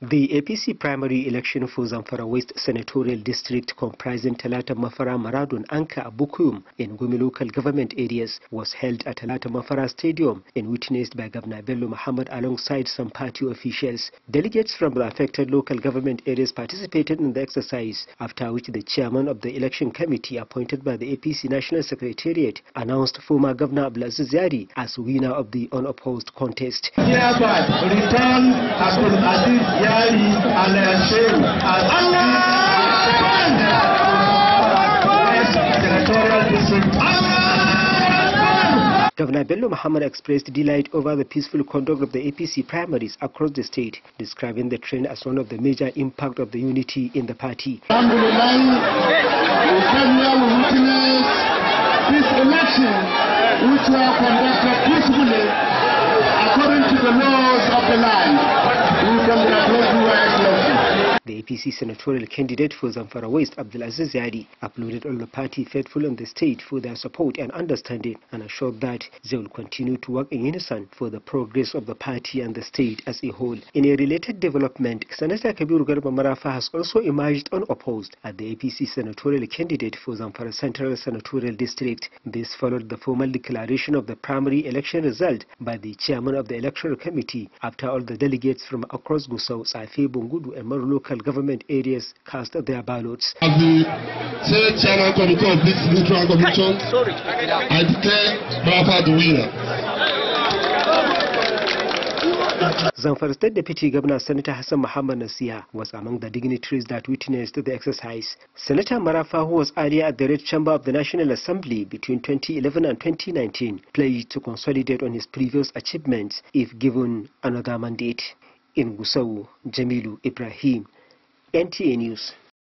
The APC primary election for Zamfara West Senatorial District comprising Talata Mafara Maradun Anka Abukum in Gumi local government areas was held at Talata Mafara Stadium and witnessed by Governor Bello Muhammad alongside some party officials. Delegates from the affected local government areas participated in the exercise, after which the chairman of the election committee appointed by the APC National Secretariat announced former Governor Abdulaziz Yari as winner of the unopposed contest. Yeah, Governor Bello Muhammad expressed delight over the peaceful conduct of the APC primaries across the state, describing the trend as one of the major impact of the unity in the party. this election, which conducted peacefully according to the law The APC senatorial candidate for Zamfara West, Abdulaziz Yadi, uploaded all the party faithful in the state for their support and understanding and assured that they will continue to work in unison for the progress of the party and the state as a whole. In a related development, Senator Kabir Garba Marafa has also emerged unopposed as the APC senatorial candidate for Zamfara Central Senatorial District. This followed the formal declaration of the primary election result by the chairman of the electoral committee after all the delegates from across Gusau, Safi, Bungudu and Maru local local government areas cast their ballots. As the chairman committee of this neutral commission, I declare Rafa the winner. Zamfara State Deputy Governor Senator Hassan Muhammad Nasiha was among the dignitaries that witnessed the exercise. Senator Marafa, who was earlier at the Red Chamber of the National Assembly between 2011 and 2019, pledged to consolidate on his previous achievements if given another mandate. In Gusau, Jamilu Ibrahim, NTA News.